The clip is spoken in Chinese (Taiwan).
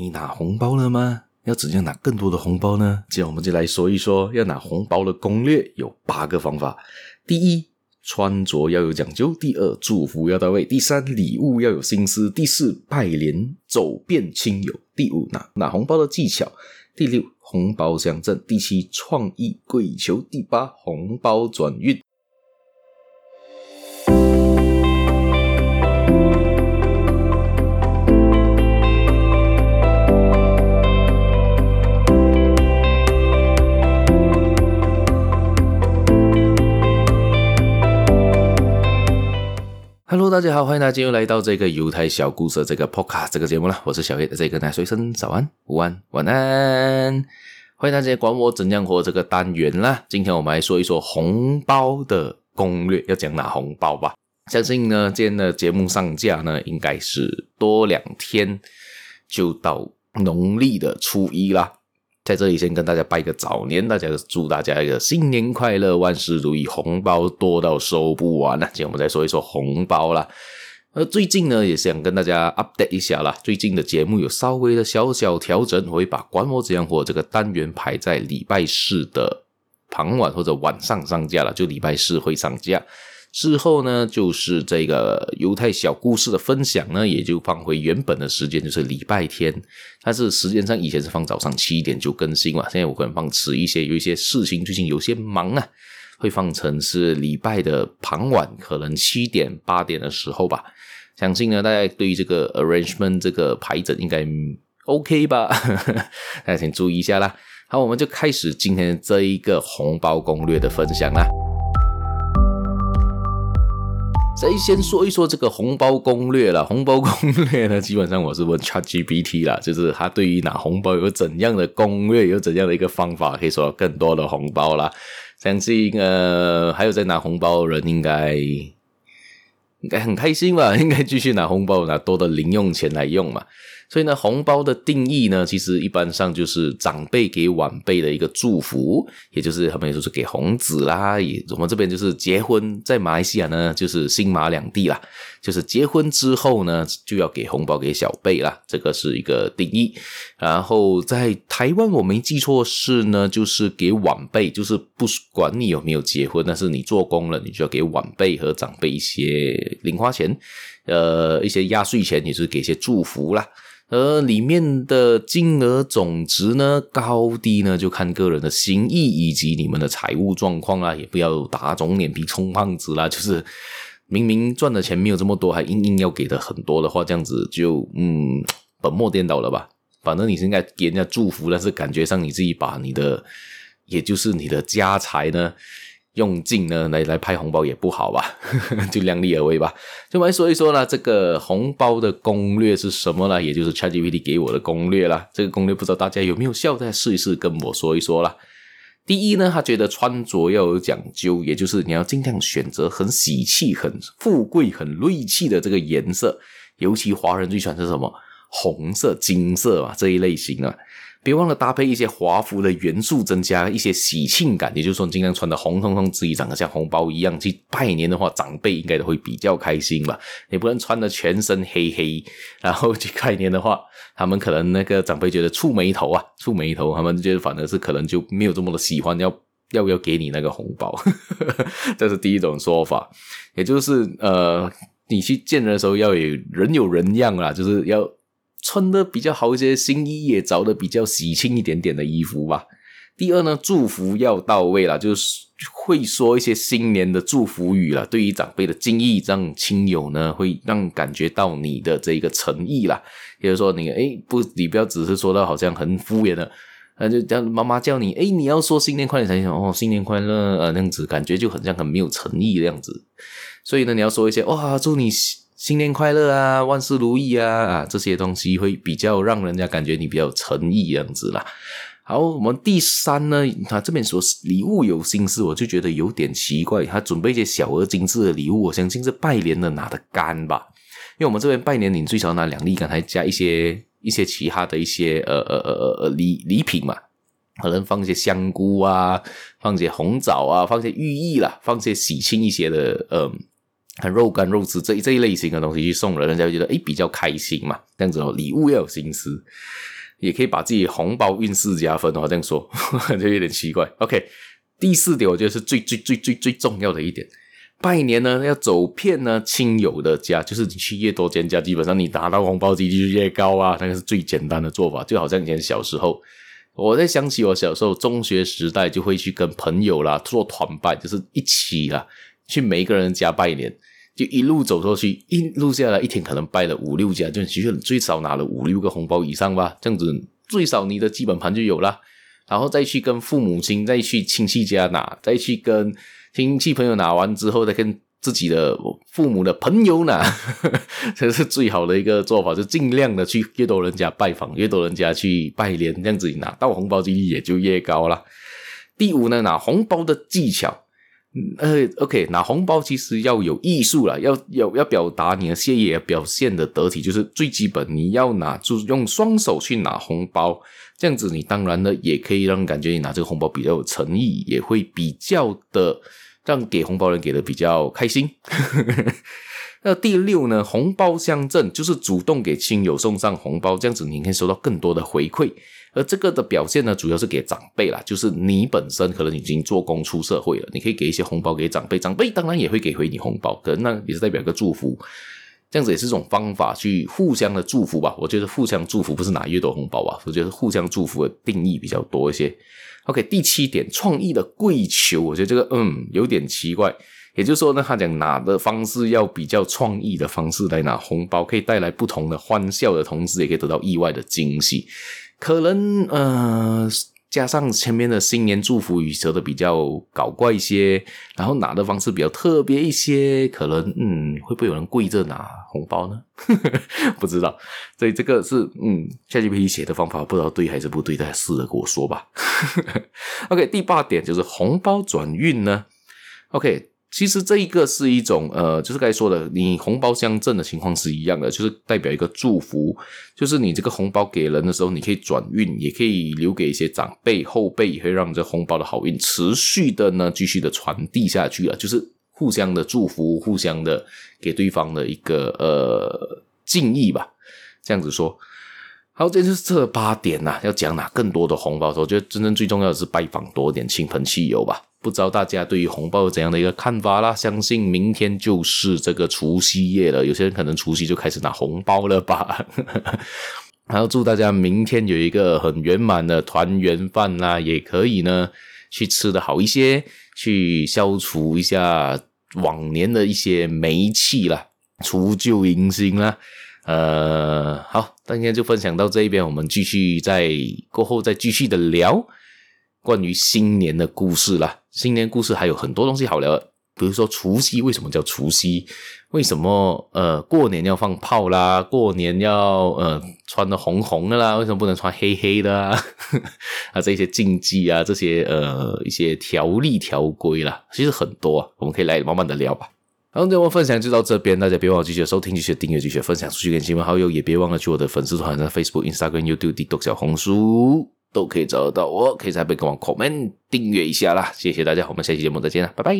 你拿紅包了嗎？要怎樣拿更多的紅包呢？今天我們就來說一說要拿紅包的攻略，有八個方法：第一，穿着要有講究；第二，祝福要到位；第三，禮物要有心思；第四，拜年走遍親友；第五，拿拿紅包的技巧；第六，紅包相贈；第七，創意跪求；第八，紅包轉運。大家好，歡迎大家又來到這個猶太小故事的這個 podcast 這個節目了，我是小葉的、這個，這裡跟大家說一聲早安、午安、晚安，歡迎大家管我怎樣活這個單元啦。今天我們來說一說紅包的攻略，要講拿紅包吧。相信呢，今天的節目上架呢，應該是多兩天就到農曆的初一啦。在這裡先跟大家拜個早年，大家祝大家一個新年快樂，萬事如意，紅包多到收不完。今天我們再說一說紅包啦。呃，最近呢也想跟大家 update 一下啦。最近的節目有稍微的小小調整，我會把“管我怎樣活”這個單元排在禮拜四的傍晚或者晚上上架了，就禮拜四會上架。之後呢，就是這個猶太小故事的分享呢，也就放回原本的時間，就是禮拜天。但是時間上以前是放早上七點就更新了，現在我可能放遲一些，有一些事情最近有些忙啊，會放成是禮拜的傍晚，可能七點八點的時候吧。相信呢，大家對於這個 arrangement 這個排程應該 OK 吧？ 大家請注意一下啦。好，我們就開始今天這一個紅包攻略的分享啦。再先說一說這個紅包攻略啦。紅包攻略呢，基本上我是問 ChatGPT 啦，就是他對於拿紅包有怎樣的攻略，有怎樣的一個方法，可以拿到更多的紅包啦。相信呃，還有在拿紅包的人應該應該很開心吧，應該繼續拿紅包，拿多的零用錢來用嘛。所以呢，紅包的定義呢，其實一般上就是長輩給晚輩的一個祝福，也就是他們也說是給紅子啦。也我們這邊就是結婚，在馬來西亞呢，就是新馬兩地啦，就是結婚之後呢，就要給紅包給小輩啦，這個是一個定義。然後在台灣，我沒記錯是呢，就是給晚輩，就是不管你有沒有結婚，但是你做工了，你就要給晚輩和長輩一些零花錢。呃，一些壓歲錢也是給一些祝福啦，呃，裡面的金額總值呢，高低呢就看個人的心意以及你們的財務狀況啦，也不要打腫臉皮充胖子啦，就是明明賺的錢沒有這麼多，還硬硬要給的很多的話，這樣子就嗯本末顛倒了吧。反正你是應該給人家祝福，但是感覺上你自己把你的也就是你的家財呢。用盡呢，來來拍紅包也不好吧， 就量力而為吧。就來說一說呢，這個紅包的攻略是什麼呢？也就是 ChatGPT 給我的攻略啦。這個攻略不知道大家有沒有效，再試一試，跟我說一說啦。第一呢，他覺得穿着要有講究，也就是你要盡量選擇很喜氣、很富貴、很瑞氣的這個顏色，尤其華人最喜歡是什麼？紅色、金色啊這一類型啊。別忘了搭配一些華服的元素，增加一些喜慶感。也就是說，你經常穿的紅彤彤，自己長得像紅包一樣去拜年的話，長輩應該都會比較開心吧？你不能穿的全身黑黑，然後去拜年的話，他們可能那個長輩覺得觸霉頭啊，觸霉頭，他們覺得反而是可能就沒有這麼的喜歡要要不要給你那個紅包。 這是第一種說法，也就是呃，你去見人的時候要有人有人樣啦，就是要。穿得比較好一些，新衣也着的比較喜慶一點點的衣服吧。第二呢，祝福要到位了，就是會說一些新年的祝福語了。對於長輩的敬意，這樣親友呢會讓感覺到你的這個誠意了。也就是說你，你誒不，你不要只是說到好像很敷衍的，那就叫媽媽叫你誒你要說新年快樂才行哦，新年快樂啊，那樣子感覺就很像很沒有誠意的樣子。所以呢，你要說一些哇、哦，祝你。新年快樂啊，萬事如意啊啊！這些東西會比較讓人家感覺你比較誠意這樣子啦。好，我們第三呢，他這邊說禮物有心思，我就覺得有點奇怪。他準備一些小而精緻的禮物，我相信是拜年的拿的柑吧？因為我們這邊拜年，你最少拿兩粒柑，還加一些一些其他的一些呃呃呃呃禮禮品嘛，可能放一些香菇啊，放一些紅棗啊，放一些寓意啦，放一些喜慶一些的，嗯。肉乾肉絲這這一類型的東西去送了，人家會覺得哎比較開心嘛，這樣子哦，禮物要有心思，也可以把自己紅包運勢加分哦。這樣說呵呵就有點奇怪。OK，第四點我覺得是最最最最最重要的一點，拜年呢要走遍呢親友的家，就是你去越多間家，基本上你拿到紅包幾率就越高啊。那個是最簡單的做法，就好像以前小時候，我在想起我小時候中學時代就會去跟朋友啦做團拜，就是一起啦去每一個人家拜年。就一路走過去，一路下來，一天可能拜了五六家，就其實你最少拿了五六個紅包以上吧。這樣子最少你的基本盤就有了，然後再去跟父母親，再去親戚家拿，再去跟親戚朋友拿完之後，再跟自己的父母的朋友拿，呵呵，這是最好的一個做法，就盡量的去越多人家拜訪，越多人家去拜年，這樣子拿到紅包就也就越高了。第五呢，拿紅包的技巧。呃，嗯，欸，OK，拿紅包其實要有藝術啦，要要要表達你的謝意，要表現的得體，就是最基本，你要拿，就是用雙手去拿紅包，這樣子你當然呢，也可以讓人感覺你拿這個紅包比較有誠意，也會比較的讓給紅包人給的比較開心。 那第六呢，紅包相贈，就是主動給親友送上紅包，這樣子你可以收到更多的回饋。而這個的表現呢，主要是給長輩啦，就是你本身可能已經做工出社會了，你可以給一些紅包給長輩，長輩當然也會給回你紅包，可能呢也是代表一個祝福，這樣子也是一種方法去互相的祝福吧。我覺得互相祝福不是拿越多紅包吧，我覺得互相祝福的定義比較多一些。OK，第七點，創意的跪求，我覺得這個嗯有點奇怪。也就是說呢，他講拿的方式要比較創意的方式來拿紅包，可以帶來不同的歡笑的同時，也可以得到意外的驚喜。可能呃，加上前面的新年祝福語說的比較搞怪一些，然後拿的方式比較特別一些，可能嗯，會不會有人跪着拿紅包呢？呵呵，不知道。所以這個是嗯，ChatGPT 可以寫的方法，不知道對還是不對，但是試着跟我說吧。 OK，第八點就是紅包轉運呢。OK。其實這一個是一種，呃，就是剛才說的，你紅包相贈的情況是一樣的，就是代表一個祝福，就是你這個紅包給人的時候，你可以轉運，也可以留給一些長輩、後輩，也會讓這紅包的好運持續的呢，繼續的傳遞下去了，就是互相的祝福，互相的給對方的一個呃敬意吧，這樣子說。好，這就是這八點啦、啊，要講哪更多的紅包？我覺得真正最重要的是拜訪多點，親朋戚友吧。不知道大家對於紅包有怎樣的一個看法啦？相信明天就是這個除夕夜了，有些人可能除夕就開始拿紅包了吧。然 後祝大家明天有一個很圓滿的團圓飯啦，也可以呢去吃得好一些，去消除一下往年的一些霉氣啦，除舊迎新啦。呃，好。那今天就分享到這一邊，我們繼續再過後再繼續的聊關於新年的故事啦。新年故事還有很多東西好聊，比如說除夕為什麼叫除夕？為什麼呃過年要放炮啦？過年要呃穿得紅紅的啦？為什麼不能穿黑黑的啊？ 啊這些禁忌啊，這些呃一些條例條規啦，其實很多，啊，我們可以來慢慢的聊吧。好，那我們分享就到這邊，大家別忘了繼續收聽、繼續訂閱、訂閱繼續分享出去給親朋好友，也別忘了去我的粉絲團、Facebook、Instagram、YouTube、小紅書都可以找得到我，可以在每個網 Comment 訂閱一下啦，謝謝大家，我們下期節目再見啦，拜拜。